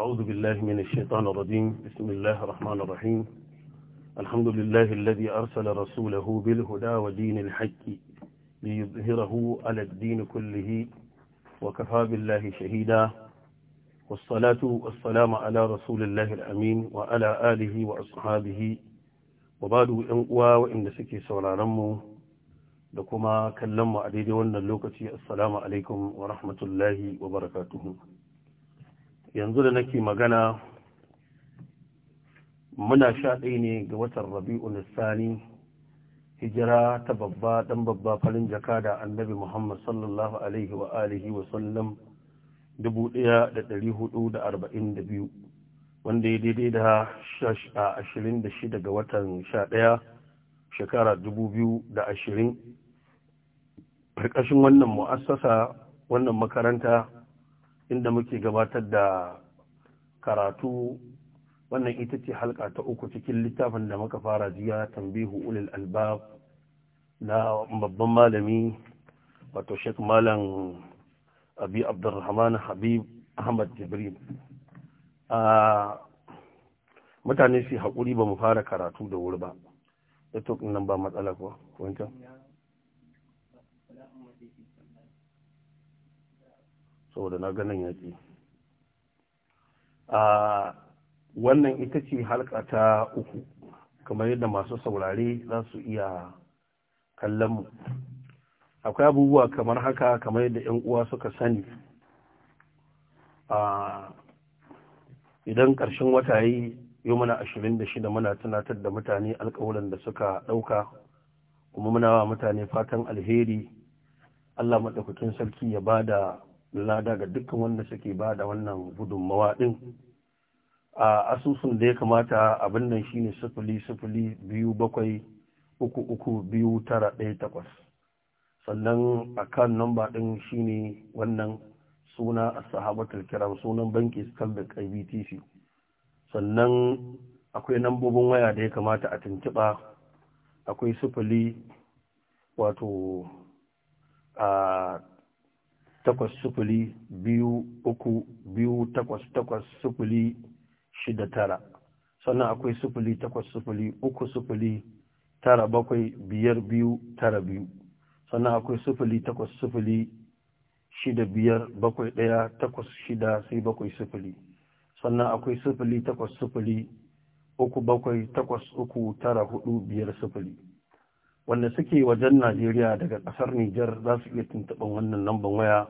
أعوذ بالله من الشيطان الرجيم بسم الله الرحمن الرحيم الحمد لله الذي أرسل رسوله بالهدى ودين الحق ليظهره على الدين كله وكفى بالله شهيدا والصلاة والسلام على رسول الله الأمين وعلى آله وأصحابه وبعد أنقوى وإن سكي سورا رمو لكما كلموا عليه دي wannan lokaci assalamu alaikum wa rahmatullahi wa barakatuhu yanzu da nake magana muna sha ɗaya ne ga watan rabi'u Sani. hijira ta babba ɗan babba farin jaka da annabi muhammad sallallahu alaihi wa alihi wa sallam 1442 wanda ya daidai da 26 ga watan Sha ɗaya shekara 2020 ƙarƙashin wannan mu'assasa wannan makaranta inda muke gabatar da karatu wannan ita ce halka ta uku cikin littafin da muka fara jiya tambihu ulil albab na babban malami wato sheik malam abi abdurrahman habib ahmad jibril a mutane su haƙuri ba mu fara karatu da wuri ba ita nan ba matsala ko wancan saboda na ganin yaƙi a wannan ita ce halka ta uku kamar yadda masu saurare za su iya kallon mu akwai abubuwa kamar haka kamar yadda 'yan uwa suka sani a idan ƙarshen wata yi mana muna ashirin da shida muna tunatar da mutane alƙawuran da suka ɗauka kuma muna wa mutane fatan alheri Allah maɗaukakin sarki ya bada. lada ga dukkan wanda suke ba da wannan gudunmawa ɗin a asusun da ya kamata abin nan ne sifili sifili biyu bakwai uku uku biyu tara ɗaya takwas sannan akan namba ɗin ne wannan suna a sahabatul kiram sunan banki stanbic ibtc sannan akwai nambobin waya da ya kamata a tuntuɓa akwai sifili wato a takwas sufuli biyu uku biyu takwas takwas sufuli shida tara sannan akwai sufuli takwas sufuli uku sufuli tara bakwai biyar biyu tara biyu sannan akwai sufuli takwas sufuli shida biyar bakwai ɗaya takwas shida sai bakwai sufuli sannan akwai sufuli takwas sufuli uku bakwai takwas uku tara hudu biyar sufuli wanda suke wajen Najeriya daga ƙasar Nijar za su iya tuntuɓin wannan lambar waya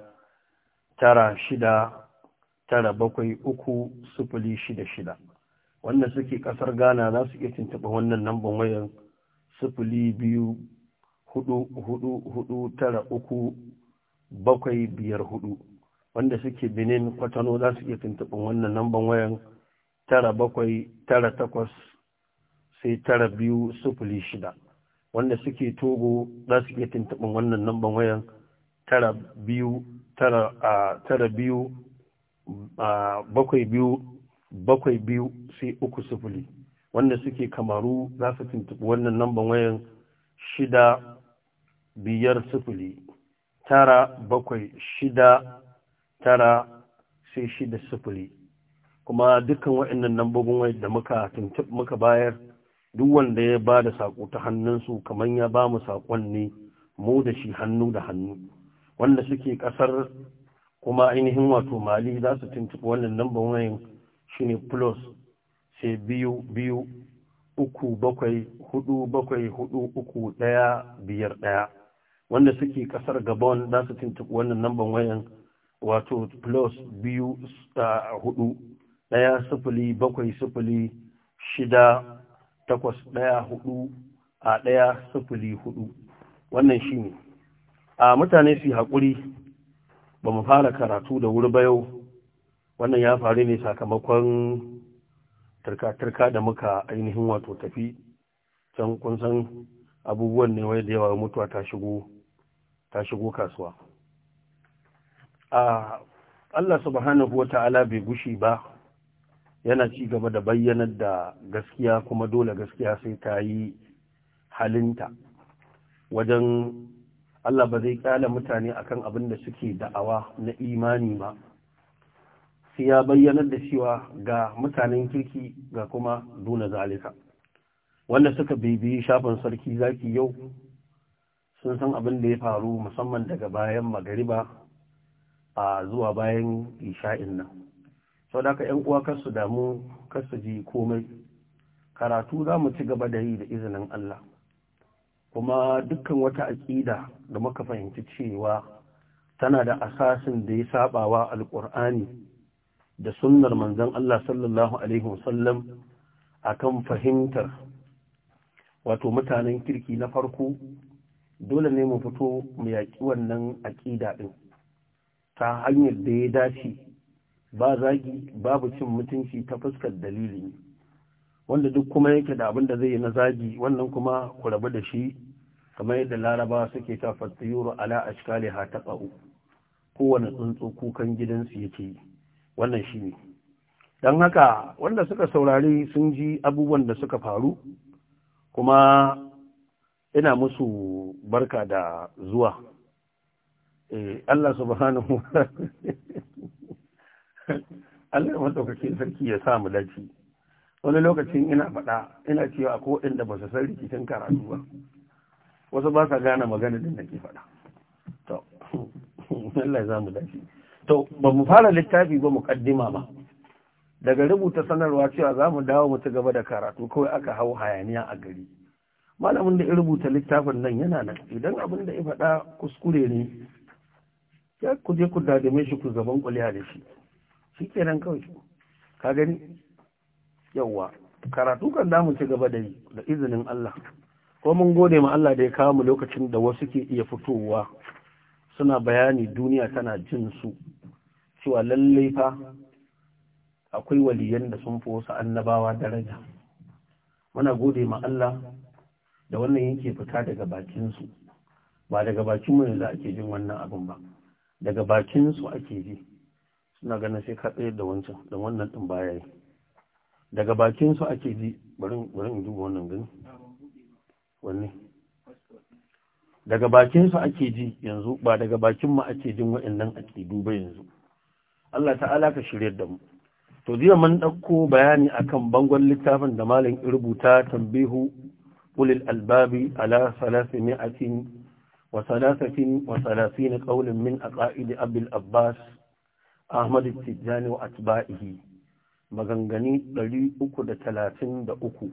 tara shida tara bakwai uku sufuli shida shida wanda suke ƙasar Ghana za su iya tuntuɓin wannan lambar wayan sufuli biyu hudu hudu hudu tara uku bakwai biyar hudu wanda suke Benin kwatano za su iya tuntuɓin wannan lambar wayan tara bakwai tara takwas sai tara biyu sufuli shida wanda suke togo za su iya tuntuɓin wannan namban wayan tara biyu tara a tara biyu a bakwai biyu bakwai biyu sai uku sufuli wanda suke kamaru za su tuntuɓi wannan namban wayan shida biyar sufuli tara bakwai shida tara sai shida sufuli kuma dukkan waɗannan nambobin wai da muka muka bayar duk wanda ya ba da saƙo ta hannunsu kamar ya ba mu saƙon ne mu da shi hannu da hannu wanda suke ƙasar kuma ainihin wato mali za su tuntuɓi wannan lambar wayan shi ne plus sai biyu biyu uku bakwai hudu bakwai hudu uku ɗaya biyar ɗaya wanda suke ƙasar gabon za su tuntuɓi wannan lambar wayan wato plus biyu hudu ɗaya sifili bakwai sifili shida takwas ɗaya hudu a ɗaya sufuri hudu wannan shi ne a mutane su haƙuri ba mu fara karatu da wuri ba yau wannan ya faru ne sakamakon turka-turka da muka ainihin wato tafi can kun san abubuwan ne wai da yawa mutuwa ta shigo kasuwa a Allah subhanahu wa ta'ala bai gushi ba yana ci gaba da bayyanar da gaskiya kuma dole gaskiya sai ta yi halinta wajen Allah ba zai kyala mutane akan abin da suke da'awa na imani ba sai ya bayyanar da cewa ga mutanen kirki ga kuma duna zalika wanda suka bibiyi shafin sarki zaki yau sun san abin da ya faru musamman daga bayan magariba a zuwa bayan isha'in nan sau da ka uwa kar su damu kar su ji komai karatu za mu ci gaba da yi da izinin Allah kuma dukkan wata aƙida da muka fahimci cewa tana da asasin da ya sabawa alƙur'ani da sunnar manzon Allah sallallahu alaihi wasallam akan fahimtar wato mutanen kirki na farko dole ne mu fito mu yaƙi wannan aƙida ɗin ta hanyar da ya dace ba zagi babu cin mutunci ta fuskar dalili wanda duk kuma yake da abin da zai yi na zagi wannan kuma ku rabu da shi kamar yadda laraba suke ta fattiyuru ala ashkali ha ta ƙa'u kowane tsuntsu kukan gidansu yake wannan shi ne don haka wanda suka saurari sun ji abubuwan da suka faru kuma ina musu barka da zuwa eh, Allah subhanahu Allah ya maɗaukakin sarki ya sa mu dace wani lokacin ina faɗa ina cewa ko inda ba su san rikicin karatu ba wasu ba sa gane magana din da ke faɗa to Allah ya mu dace to ba mu fara littafi ba muqaddima ba daga rubuta sanarwa cewa za mu dawo mu ci gaba da karatu kawai aka hau hayaniya a gari malamin da ya rubuta littafin nan yana nan idan abin da ya faɗa kuskure ne ya ku je ku dadame shi ku gaban kuliya da shi shi kenan kawai ka gani yawwa karatu kan damu mu ci gaba da yi da izinin Allah ko mun gode ma Allah da ya kawo mu lokacin da wasu ke iya fitowa suna bayani duniya tana jin su cewa lallai fa akwai waliyan da sun fi wasu annabawa daraja muna gode ma Allah da wannan yake fita daga bakin su ba daga bakin mu yanzu ke jin wannan abin ba daga bakin su ake ji suna ganin sai ka tsaye da wancan da wannan din baya yi daga bakin su ake ji bari bari in duba wannan gani wanne daga bakin su ake ji yanzu ba daga bakin mu ake jin waɗannan ake duba yanzu Allah ta'ala ka shirye da mu to jiya mun ɗauko bayani akan bangon littafin da malin rubuta tambihu ulil albabi ala salasimin wa salasatin wa salasin qaulin min aqaidi abul abbas Ahmadu Tijjani wa atba'ihi maganganu uku,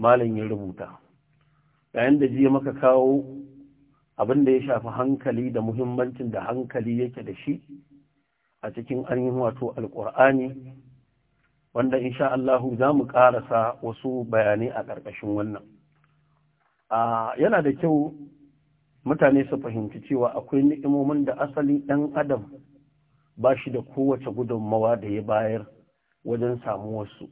malam ya rubuta yayin da jiya maka kawo abin da ya shafi hankali da muhimmancin da hankali yake da shi a cikin ainihin wato alkur'ani wanda insha Allahu za mu ƙarasa wasu bayanai a ƙarƙashin wannan yana da kyau mutane su fahimci cewa akwai ni'imomin da asali ɗan adam ba shi da kowace gudunmawa da ya bayar wajen samu wasu.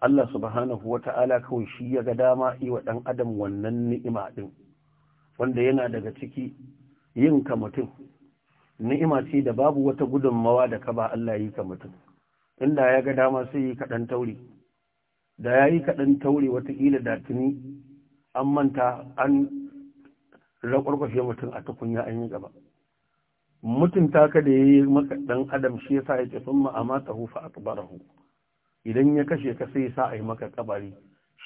Allah subhanahu wa ta'ala kawai shi ya ga dama yi wa ɗan adam wannan ni'ima ɗin, wanda yana daga ciki yin ka mutum. Ni'ima ce da babu wata gudunmawa da ka ba Allah yi ka mutum, inda ya ga dama sai yi kaɗan tauri. Da ya yi kaɗan tauri watakila da tuni an manta an raƙwarƙwashe mutum a tukunya an yi gaba. mutunta ka da yayi maka ɗan adam shi yasa yake summa amatahu fa akbarahu idan ya kashe ka sai yasa ai maka kabari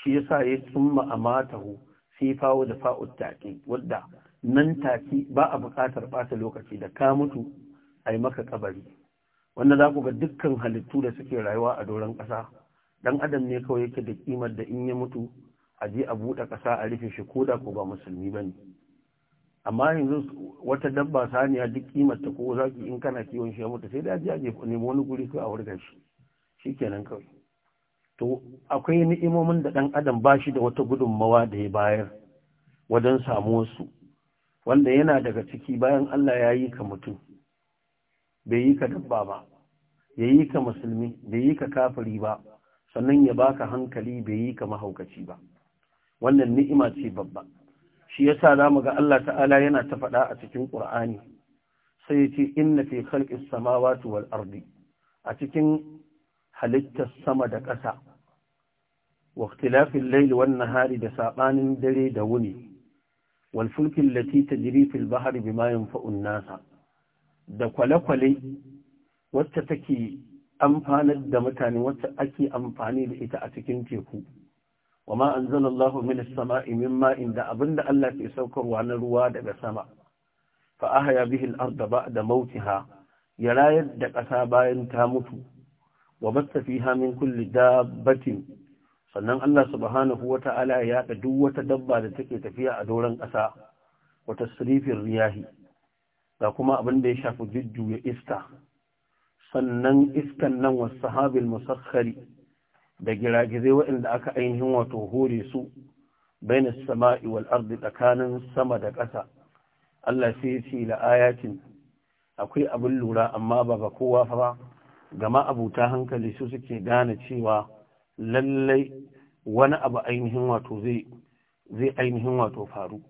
shi yasa ya summa amatahu sai fawo da fa'ut taqi wadda nan take ba a buƙatar ɓata lokaci da ka mutu ai maka kabari wanda za ku ga dukkan halittu da suke rayuwa a doron ƙasa Ɗan adam ne kawai yake da ƙimar da in ya mutu a je a buɗe ƙasa a rufe shi ko da ko ba musulmi bane amma yanzu wata dabba saniya duk kimarta ko zaki in kana kiwon shi ya mutu sai da ji aje nemo wani guri ko a wurga shi shikenan kawai to akwai ni'imomin da dan adam ba shi da wata gudunmawa da ya bayar wajen samu su wanda yana daga ciki bayan Allah ya yi ka mutum bai yi ka dabba ba ya yi ka musulmi bai yi ka kafiri ba sannan ya baka hankali bai yi ka mahaukaci ba wannan ni'ima ce babba shi yasa zamu ga Allah ta'ala yana ta faɗa a cikin Ƙur'ani, sai yace inna fi khalqis samawati wal ardi a cikin halittar sama da ƙasa wa ikhtilafil layli wan nahari da saɓanin dare da wuni wal Lati ta tajri fil bahri bima nasa da kwale-kwale wacce take amfanar da mutane wacce ake amfani da ita a cikin teku wa ma anzalallahu min as-sama'i min ma'in da abinda Allah ke saukarwa na ruwa daga sama fa ahya bihi al-ardha ba'da mawtiha ya rayar da ƙasa bayan ta mutu wa batta min kulli dabbatin sannan Allah subhanahu wata'ala ya da duk wata dabba da take tafiya a doron ƙasa wata tasrifir riyahi ga kuma abin da ya shafi jujjuya iska sannan iskan nan wasu sahabil musakhari da giragizai waɗanda aka ainihin wato hore su baina sama'i wal ardi tsakanin sama da ƙasa Allah sai ce la akwai abin lura amma ba ga kowa fa ba gama ta hankali su suke gane cewa lallai wani abu ainihin wato zai ainihin wato faru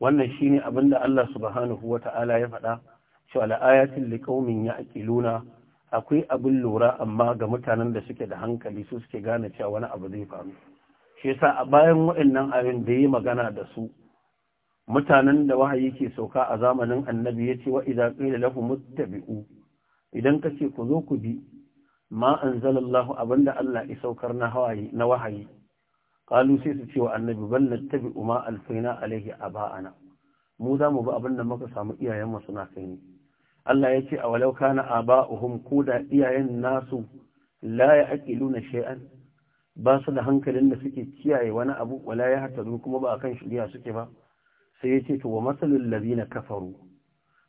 wannan shine abin da Allah subhanahu wata'ala ya faɗa cewa la ayatin liqaumin ya'qiluna akwai abin lura amma ga mutanen da suke da hankali su suke gane cewa wani abu zai faru shi yasa a bayan waɗannan abin da yi magana da su mutanen da wahayi ke sauka a zamanin annabi ya ce wa idza qila lahum muttabi'u idan kace ku zo ku bi ma anzalallahu abinda Allah ya saukar na hawaye na wahayi qalu sai su ce wa annabi bal nattabi'u ma alfaina alaihi aba'ana mu za mu bi abinda muka samu iyayen mu suna kai ne Allah ya ce a walau kana aba'uhum ko da iyayen nasu la ya'qiluna shay'an ba su da hankalin da suke kiyaye wani abu wala ya hataru kuma ba kan shari'a suke ba sai ya ce to wa masalul ladina kafaru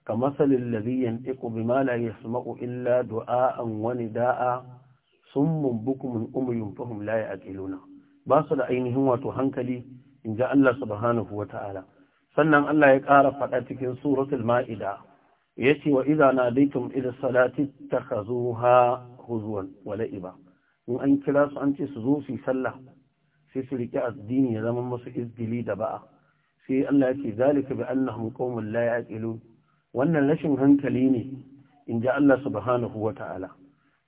ka masalul ladhi yantiqu bima la yasma'u illa du'a'an wa nida'a summun bukmun umyun fahum la ya'qiluna ba su da ainihin wato hankali in ji Allah subhanahu wa ta'ala sannan Allah ya ƙara faɗa cikin suratul ma'ida Ya ce wa idza nadaytum ila salati takhazuha huzwan wa la'iba in an kira su an ce su zo su sallah sai su rike addini ya zama masu izgili da ba'a sai Allah yake zalika bi allah qaumun la yaqilun wannan rashin hankali ne in ji Allah subhanahu wa ta'ala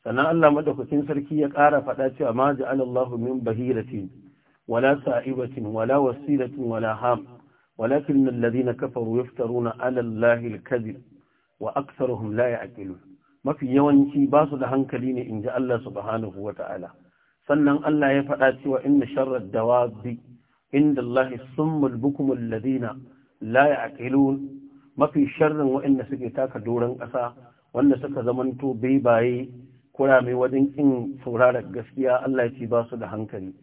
sannan Allah madaukakin sarki ya ƙara faɗa cewa ma ja'ala Allahu min bahiratin wala sa'ibatin wala wasilatin wala ham walakin alladhina kafaru yaftaruna 'ala Allahi al wa aktsaruhum la ya'qilun mafi yawanci ba su da hankali ne inji Allah subhanahu wata'ala sannan Allah ya faɗa cewa inna sharrad dawabi inda Allah summul bukumul ladina la ya'qilun mafi sharrin waɗanda suke taka doron ƙasa wanda suka zamanto baibaye kurame wajen kin sauraron gaskiya Allah ya ci ba su da hankali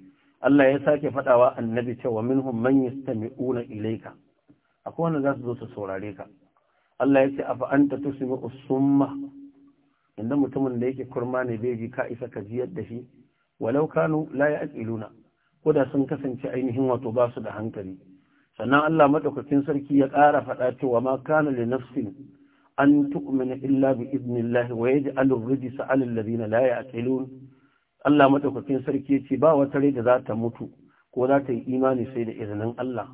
Allah ya sake faɗawa annabi cewa minhum man yastami'una ilayka akwai wanda za su zo su saurare ka Allah ya ce afa anta tusmi usumma inda mutumin da yake kurma ne bai ji ka isa ka jiyar da shi walau kanu la luna. ko da sun kasance ainihin wato ba su da hankali sannan Allah madaukakin sarki ya ƙara faɗa cewa ma kana li nafsin an tu'mina illa bi idnillahi wa yaj'alu ar-rijsa 'ala alladhina la yaqilun Allah madaukakin sarki ya ce ba wata rai da za ta mutu ko za ta yi imani sai da izinin Allah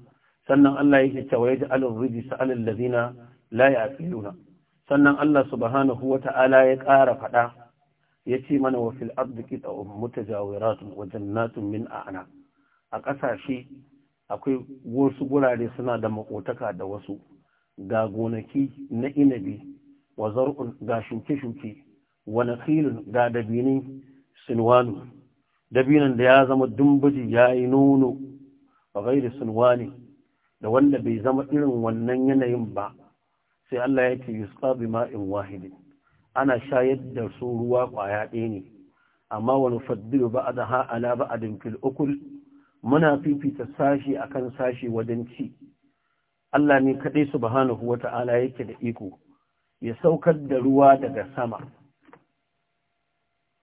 sannan Allah yake cewa yaji ar rijis, 'ala alladhina la yaqiluna sannan Allah subhanahu wa ta'ala ya ƙara faɗa ya ce mana wa fil ardi qita'un mutajawiratun wa jannatun min a'na a ƙasashe akwai wasu gurare suna da makotaka da wasu ga gonaki na inabi wa zar'un ga shuke-shuke wa nakhilun ga dabinin sinwanu dabinan da ya zama dumbaji yayi nono ba gairi sinwani da wanda bai zama irin wannan yanayin ba sai Allah ya ce yusqa bima'in wahid ana shayar da su ruwa kwaya ɗaya ne amma wa nufaddilu ba'daha ala ba'din fil ukul muna fifita sashi akan sashi wajen ci Allah ne kaɗai subhanahu wata'ala yake da iko ya saukar da ruwa daga sama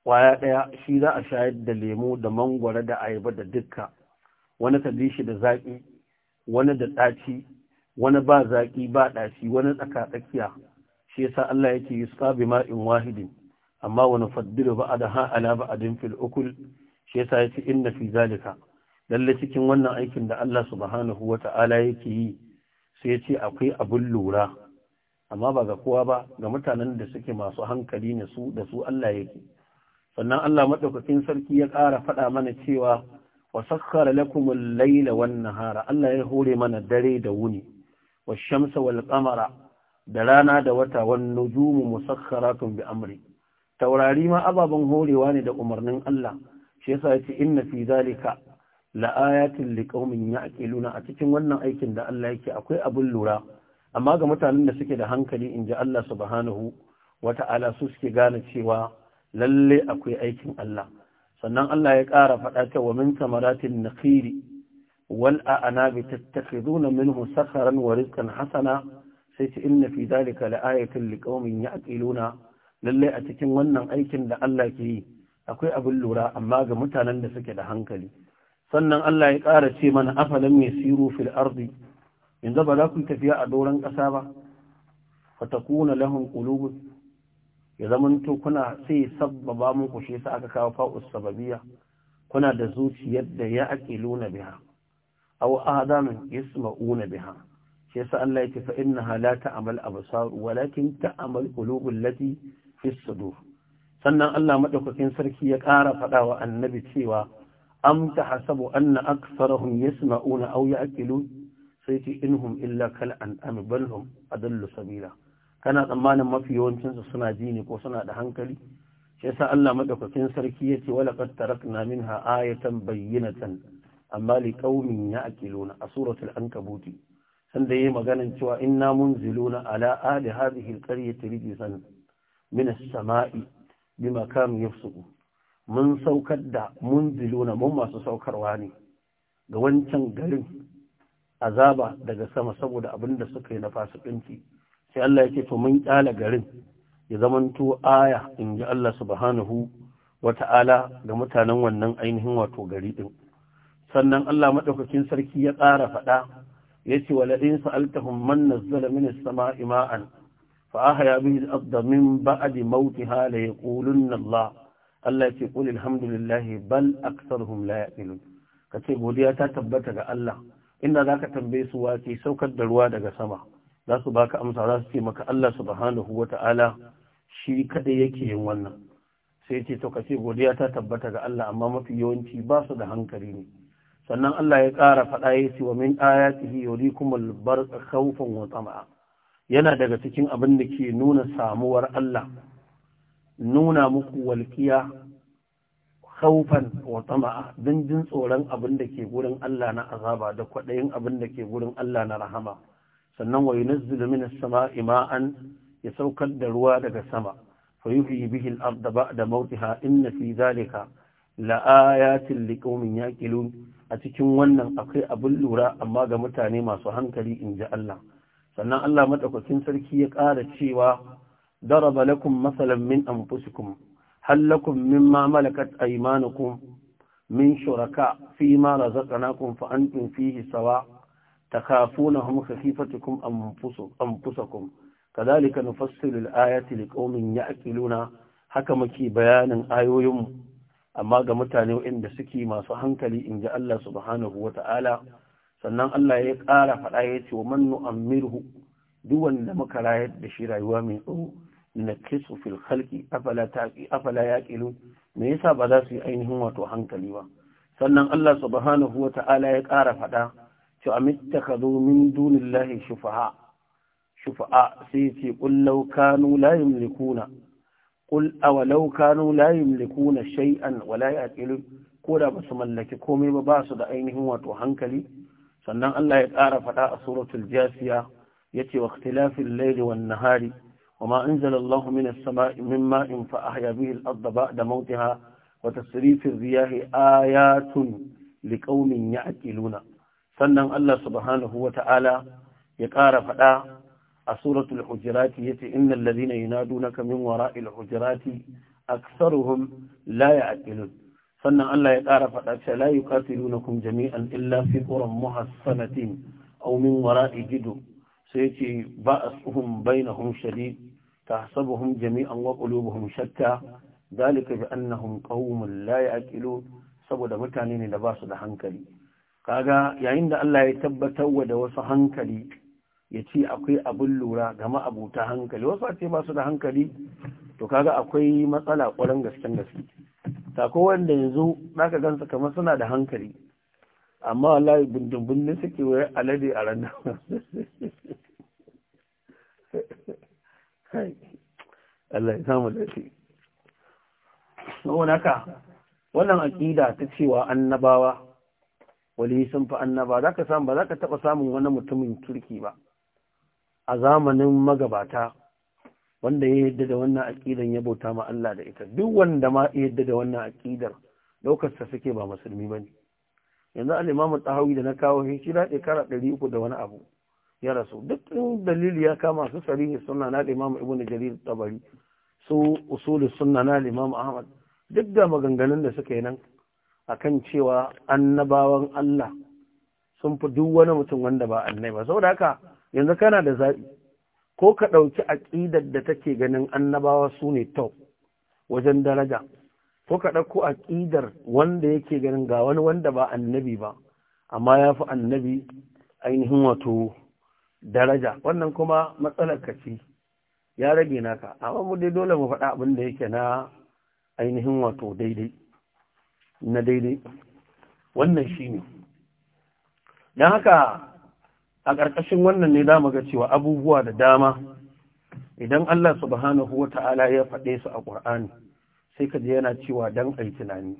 kwaya ɗaya shi za a shayar da lemu da mangwara da ayaba da dukka wani ka shi da zaƙi wani da ɗaci wani ba zaƙi ba ɗaci wani tsaka-tsakiya shi yasa Allah yake yi sabi ma'in wahidin amma wani faddiru ba a da ha'ala ba a dinfil ukul shi yasa ya ce inna fi zalika lalle cikin wannan aikin da Allah subhanahu wa ta'ala yake yi sai ya ce akwai abin lura amma ba ga kowa ba ga mutanen da suke masu hankali ne su da su Allah yake sannan Allah madaukakin sarki ya ƙara faɗa mana cewa wa sakhkhara lakumul laila wan nahara Allah ya hore mana dare da wuni والشمس والقمر دلانا دوتا والنجوم مسخرات بأمري توراري ما أبا بنهولي واند أمرنا الله شيء إن في ذلك لآيات لقوم يعقلون أتكن ونن أيكن دا الله يكي أكوي أبو اللورا أما قمتا لن سكي دا هنكلي إن جاء الله سبحانه وتعالى سوسكي قالت شوا للي أكوي أيكن الله sannan Allah ya ƙara faɗa ta wa min samaratin nakhiri والأعناب تتخذون منه سخرا ورزقا حسنا سيت إن في ذلك لآية لقوم da للي أتكن ونن أيكن abin كي أكوي أبو اللوراء أما suke da hankali. sannan Allah ya ƙara ce mana afalan mai siru fil ardi yanzu ba za ku tafiya a doron ƙasa ba fatakuna lahum qulubun ya zamanto kuna sai sabbaba muku shi su aka kawo fa'us sababiyya kuna da zuciyar da ya aqiluna biha aw adamin yasma'una biha shi yasa Allah yake fa innaha la ta'mal absar walakin ta'mal qulubul lati fi sudur sannan Allah madaukakin sarki ya ƙara faɗawa annabi cewa am tahasabu anna aktharahum yasma'una aw ya'qilun sai ce inhum illa kal an'am bal hum adallu sabila kana tsammanin mafi yawancinsu suna ji ne ko suna da hankali shi Allah madaukakin sarki ya ce yace wala qad tarakna minha ayatan bayyinatan amma li qaumin luna, a suratul ankabut sanda ya yi maganan cewa inna munziluna ala ali hadhihi alqaryati rijzan min as-sama'i bima kanu yafsuqu mun saukar da munziluna mun masu saukarwa ne ga wancan garin azaba daga sama saboda abin da suka yi na fasikanci sai Allah ya ce to mun kyala garin ya zamanto aya in ji Allah subhanahu wata'ala ga mutanen wannan ainihin wato gari din sannan Allah maɗaukakin sarki ya ƙara faɗa yace wala in sa'altahum man nazzala min samai ma'an fa ahya bihi al-ardha min ba'di mawtiha la yaqulunna Allah Allah yace qul alhamdulillah bal aktharuhum la yaqilun kace godiya ta tabbata ga Allah inda zaka tambaye su wake, saukar da ruwa daga sama za su baka amsa za su ce maka Allah subhanahu wata'ala shi kadai yake yin wannan sai ce to kace godiya ta tabbata ga Allah amma mafi yawanci ba su da hankali ne sannan Allah ya ƙara faɗa ya ce wa min ayatihi yurikumul barqa khawfan wa yana daga cikin abin da ke nuna samuwar Allah nuna muku walƙiya kaufan wa tama'a don jin tsoron abin da ke gurin Allah na azaba da kwaɗayin abin da ke gurin Allah na rahama sannan wa yunazzilu minas sama'i ma'an ya saukar da ruwa daga sama فيحيي به الأرض da موتها إن في ذلك لآيات لقوم يأكلون a cikin wannan akwai abin lura amma ga mutane masu hankali in ji Allah sannan Allah maɗaukakin sarki ya ƙara cewa daraba lakum masalan min anfusikum hal lakum mimma malakat aymanukum min shuraka fi ma razaqnakum fa antum fihi sawa takhafunahum khafifatukum anfusakum kadhalika nufassilu al-ayati liqaumin ya'qiluna haka muke bayanin ayoyinmu amma ga mutane waɗanda suke masu hankali in ji Allah subhanahu wa ta'ala sannan Allah ya ƙara faɗa ya ce wa mannu mirhu! duk wanda muka rayar da shi rayuwa mai tsoro na kisu fil khalqi afala taqi afala yaqilu me yasa ba za su yi ainihin wato hankali ba sannan Allah subhanahu wa ta'ala ya ƙara faɗa cewa amittakhadhu min dunillahi shufa'a shufa'a sai ce qul kanu la yamlikuna qul awalau kanu la yamlikuna shay'an wa la yaqilun ko da basu mallaki komai ba basu da ainihin wato hankali sannan Allah ya ƙara faɗa a suratul jasiya yace wa ikhtilafil layli wan nahari وما أنزل الله من السماء من ماء فأحيا به الأرض بعد موتها وتصريف الرياح آيات لقوم يعقلون sannan Allah subhanahu wa ta'ala ya ƙara faɗa a suratul hujirati yace innal ladina yunadunaka min wara'il hujurati aktharuhum la ya'qilun sannan Allah ya ƙara faɗa cewa la yuqatilunakum jami'an illa fi quran muhassanatin aw min wara'i jidu sai yace ba'asuhum bainahum shadid tahsabuhum jami'an wa qulubuhum shatta dalika bi annahum qaumun la ya'qilun saboda mutane ne da ba su da hankali kaga yayin da Allah ya tabbatar da wasu hankali ya ce akwai abin lura ga ma'abuta hankali wasu ce ba su da hankali to kaga akwai matsala ƙwarin gasken gaske sako wanda yanzu ka gansa kamar suna da hankali amma wallahi bindin suke wayar alade a ran Allah ya samu da shi wannan aƙida ta cewa annabawa wali sun fi annaba za ka samu ba za ka taɓa samun wani mutumin turki ba a zamanin magabata wanda ya yadda da wannan aƙidan ya bauta ma Allah da ita duk wanda ma ya yadda da wannan aƙidar lokacin suke ba musulmi ba ne yanzu imamu tahawi da na kawo shi shi da kara ɗari uku da wani abu ya rasu duk dalili ya kama su sarihi suna na al-imamu ibn jarir tabari su usuli sunna na al-imamu ahmad duk da maganganun da suka yi nan akan cewa annabawan Allah sun fi duk wani mutum wanda ba annai ba saboda haka yanzu kana da zaɓi ko ka ɗauki aƙidar da take ganin annabawa su ne top wajen daraja ko ka ɗauko aƙidar wanda yake ganin ga wani wanda ba annabi ba amma ya fi annabi ainihin wato daraja wannan kuma matsalar ka ce ya rage naka amma mu dai dole mu faɗa abin da yake na ainihin wato daidai na daidai wannan shi ne don haka a ƙarƙashin wannan ne zamu ga cewa abubuwa da dama idan Allah subhanahu ta'ala ya faɗe su a ƙur'ani, sai ka je yana cewa dan a tunani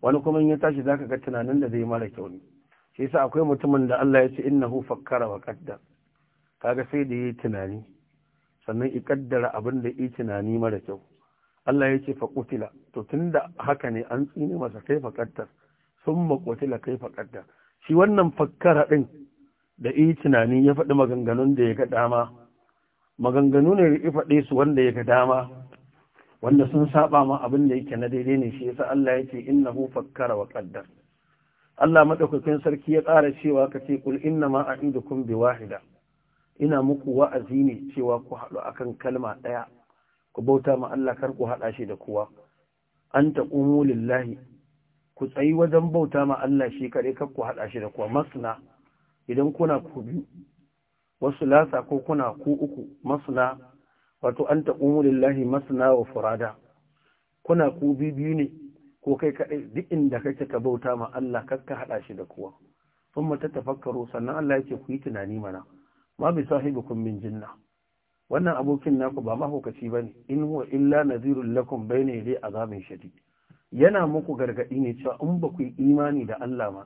wani kuma in ya tashi za ka ga tunanin da zai mara kyau ne shi yasa akwai mutumin da Allah ya ce hu fakkara wa Ka kaga sai da ya yi tunani sannan i kaddara abin da yi tunani mara kyau Allah ya ce faƙutila to tun da haka ne an tsine masa kai faƙaddar sun maƙutila kai faƙaddar shi wannan fakkara ɗin da yi tunani ya faɗi maganganun da ya ga dama maganganu ne ya faɗe su wanda ya ga dama wanda sun saba ma abin da yake na daidai ne shi yasa Allah yake hu fakkara wa qaddar Allah madaukakin sarki ya ƙara cewa ka ce kul inna ma a'idukum bi wahida ina muku wa'azi ne cewa ku haɗu akan kalma ɗaya ku bauta ma Allah kar ku haɗa shi da kowa an taqumu lillahi ku tsayi wajen bauta ma Allah shi kare kar ku haɗa shi da kowa masna idan kuna ku biyu wasu lasa ko kuna ku uku masana wato an taqumu lillahi masana wa furada kuna ku biyu ne ko kai kaɗai duk inda kake ka bauta ma Allah kakka haɗa shi da kowa sun mata tafakkaro sannan Allah yake ku yi tunani mana ma bi kun min jinna wannan abokin naku ba mahaukaci ba ne in huwa illa nazirul lakum bayna yadi azabin shadid yana muku gargadi ne cewa in ba ku yi imani da Allah ma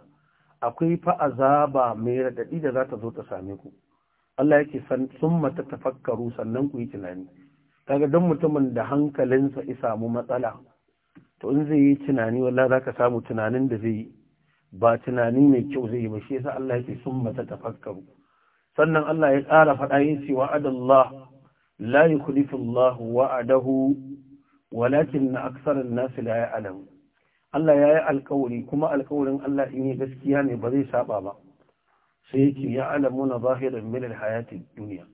akwai fa azaba mai radadi da za ta zo ta same ku Allah yake san sun mata tafakkaru sannan ku yi tunani kaga don mutumin da hankalinsa ya samu matsala to in zai yi tunani wallahi zaka samu tunanin da zai yi ba tunani mai kyau zai yi ba shi yasa Allah yake sun mata tafakkaru sannan Allah ya ƙara faɗa yin cewa adallah la yukhlifu Allah wa'adahu walakin aktharun nas la ya'lamu Allah ya yi alkawari kuma alkawarin Allah in yi gaskiya ne ba zai saba ba sai yake ya alamuna zahirin milal hayatin duniya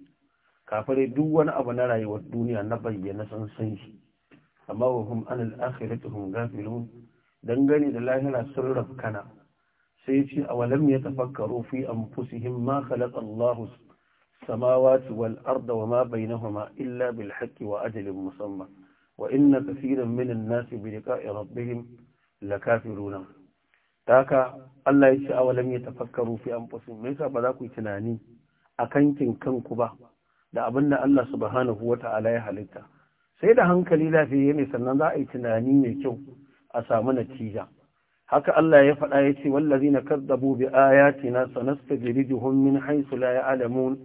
kafare duk wani abu na rayuwar duniya na bayyana san san shi amma wa hum an al-akhirati hum ghafilun dangane da lahira sun kana sai yace awalam yatafakkaru fi anfusihim ma khalaqa samawati wal arda wama bainahuma illa bil haqqi wa ajalin musamma wa inna kaseeran min an-nasi bi liqa'i rabbihim lakafiruna taka Allah ya ce awalam ya tafakkaru fi anfusihim me yasa ba za ku yi tunani akan kin kanku ba da abin da Allah subhanahu wata'ala ya halitta sai da hankali lafiya ne sannan za a yi tunani mai kyau a samu natija haka Allah ya faɗa ya ce wallazina kadzabu bi ayatina sanastajriduhum min haythu la ya'lamun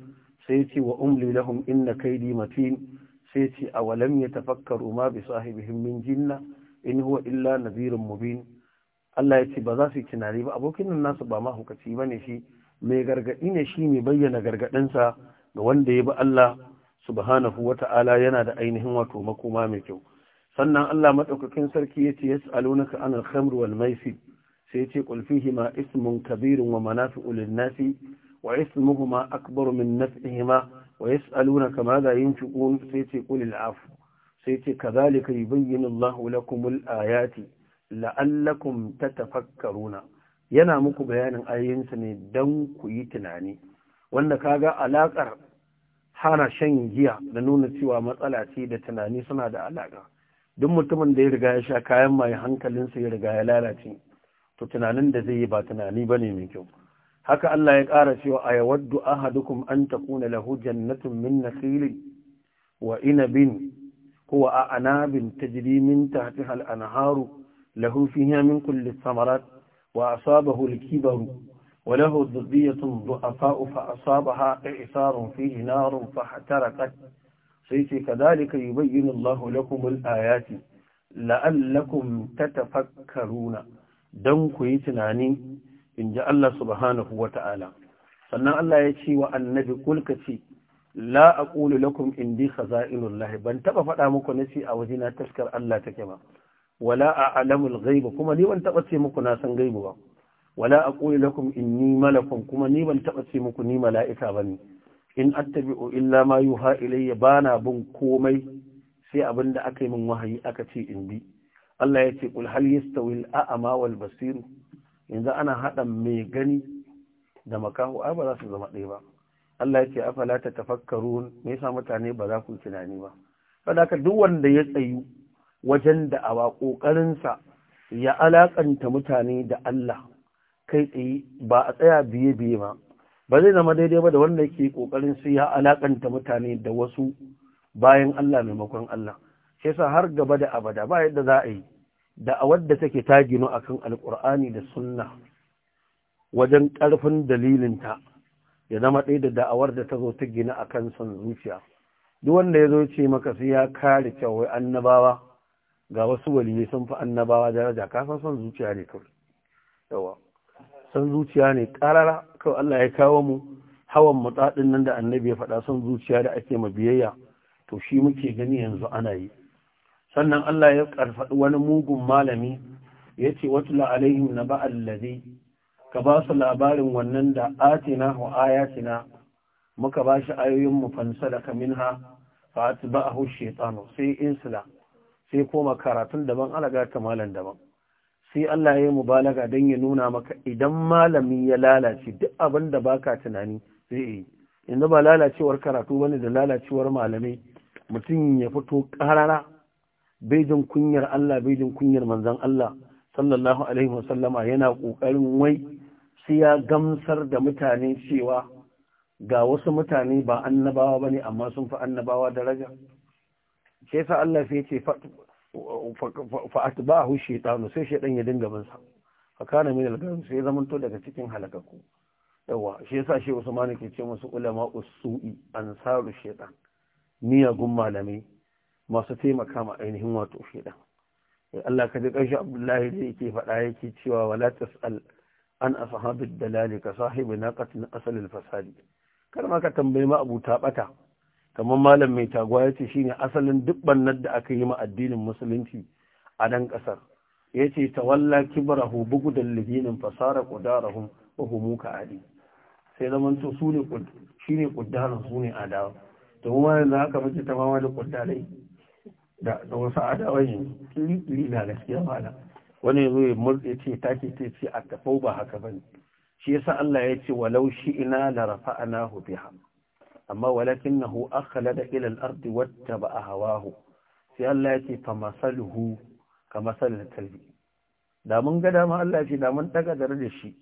sai ce wa umli lahum inna kaydi matin sai ce awalam tafakkaru, ma bi sahibihim min jinna in huwa illa nadhirun mubin Allah ya ce ba za su yi tunani ba abokin nan nasu ba mahukaci ba ne shi mai gargaɗi ne shi mai bayyana gargaɗinsa ga wanda ya bi Allah subhanahu wa ta'ala yana da ainihin wato makoma mai kyau sannan Allah maɗaukakin sarki ya ce yas'alunaka anil khamr wal maisir sai ya ce qul fihima ismun kabirun wa manafi'u lin nasi wa ismuhuma akbaru min naf'ihima wa yas'alunaka madha yunfiqun sai ya ce qul al sai ce ka yi kazalika yubayyinu Allahu lakumul ayati la'allakum tatafakkaruna yana muku bayanin ayoyinsa ne dan ku yi tunani wanda kaga alakar hana shan giya da nuna cewa matsala ce da tunani suna da alaƙa. duk mutumin da ya riga ya sha kayan mai hankalinsa ya riga ya lalace to tunanin da zai yi ba tunani ba ne mai kyau haka Allah ya ƙara cewa a yawaddu ahadukum an takuna lahu jannatun min nakhilin wa inabin هو أعناب تجري من تحتها الأنهار له فيها من كل الثمرات وأصابه الكبر وله ذرية ضعفاء فأصابها إعصار فيه نار فاحترقت سيتي كذلك يبين الله لكم الآيات لعلكم تتفكرون don ku yi إن in الله سبحانه وتعالى wa ta'ala. Sannan وأن ya ce wa la aqulu lakum indi khaza'inullah ban taba faɗa muku nasi a wajina taskar Allah take ba wala a'lamul ghaiba kuma ni ban taba ce muku na san gaibu ba wala aqulu lakum inni malakun kuma ni ban taba ce muku ni mala'ika bane in attabi'u illa ma yuha ilayya bana bin komai sai abinda aka yi min wahayi aka ce in bi Allah ya ce kul hal yastawi al-a'ma wal basir yanzu ana hada mai gani da makahu ai ba za su zama ɗaya ba Allah ya ce afala ta tafakkaru me yasa mutane ba za ku tunani ba ka duk wanda ya tsayu wajen da a kokarin sa ya alaƙanta mutane da Allah kai tsaye ba a tsaya biye biye ba ba zai zama daidai ba da wanda yake kokarin su ya alakanta mutane da wasu bayan Allah maimakon Allah sai sa har gaba da abada ba yadda za a yi da a wadda take ta gino akan alkur'ani da sunna wajen ƙarfin dalilinta ya zama ɗaya da da'awar da ta zo ta gina a kan son zuciya duk wanda ya zo ce maka sai ya kare kyawai annabawa ga wasu waliyi sun fi annabawa daraja ka san son zuciya ne kawai yawa son zuciya ne ƙarara kawai Allah ya kawo mu hawan mutsaɗin nan da annabi ya faɗa son zuciya da ake ma biyayya to shi muke gani yanzu ana yi sannan Allah ya karfaɗi wani mugun malami ya ce wata la'alaihim na ba'al ladai ka ba su labarin wannan da atina wa ayatina muka ba shi ayoyin mu kamin ha fa hushe tsano sai insula sai koma karatun daban alaga ta malam daban sai Allah ya yi mubalaga don ya nuna maka idan malami ya lalace duk abin da baka tunani zai yi inda ba lalacewar karatu bane da lalacewar malamai mutum ya fito karara bai kunyar Allah bai kunyar manzon Allah sallallahu alaihi wasallama yana kokarin wai sai ya gamsar da mutane cewa ga wasu mutane ba annabawa bane amma sun fi annabawa daraja sai sa Allah sai ce fa atba'ahu shaytanu sai shaydan ya dinga bin sa fa kana min al-garam sai daga cikin halakaku yawa shi sa shi Usman ke ce musu ulama usu'i ansaru shaytan miyagun malamai masu taimaka ma ainihin wato shaytan Allah ka ji ƙarshe Abdullahi da yake faɗa yake cewa wala tas'al an ashabid dalali ka sahibi naqatin asalin fasadi kar ma ka tambayi ma abuta bata kamar malam mai tagwa yace shine asalin duk bannar da aka yi ma addinin musulunci a dan kasar yace tawalla kibrahu bugudal ladinin fasara qudarahum wa hum ka'adi sai zaman to su ne shine quddaran su ne adawa to kuma yanzu haka muke tamama da quddarai da wasu adawa ne na gaskiya malam wani zo ya murɗe ce take ce ce a tafau ba haka bane shi yasa Allah ya ce walau shi ina la nahu biha amma walakinahu akhlada ila ilal ardi wattaba hawahu sai Allah ya ce fa masaluhu ka masalin kalbi da mun ga dama Allah ce da mun daga dare da shi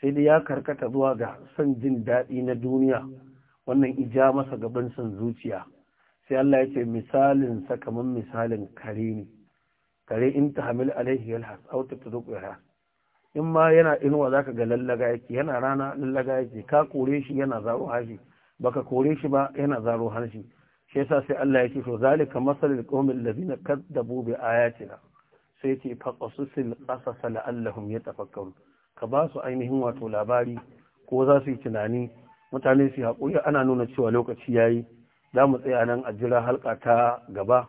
sai dai ya karkata zuwa ga son jin daɗi na duniya wannan ija masa gaban son zuciya sai Allah ya ce misalin sa kamar misalin kare ne kare in ta hamil alaihi yalhas aw tatruku yalhas in ma yana inuwa zaka ga lallaga yake yana rana lallaga yake ka kore shi yana zaro hashi baka kore shi ba yana zaro harshe shi yasa sai Allah yake to zalika masalul qaumil ladina kaddabu bi ayatina sai ce faqasusil qasasa la'allahum yatafakkarun ka ba su ainihin wato labari ko za su yi tunani mutane su yi haƙuri ana nuna cewa lokaci yayi za mu tsaya nan a jira halka ta gaba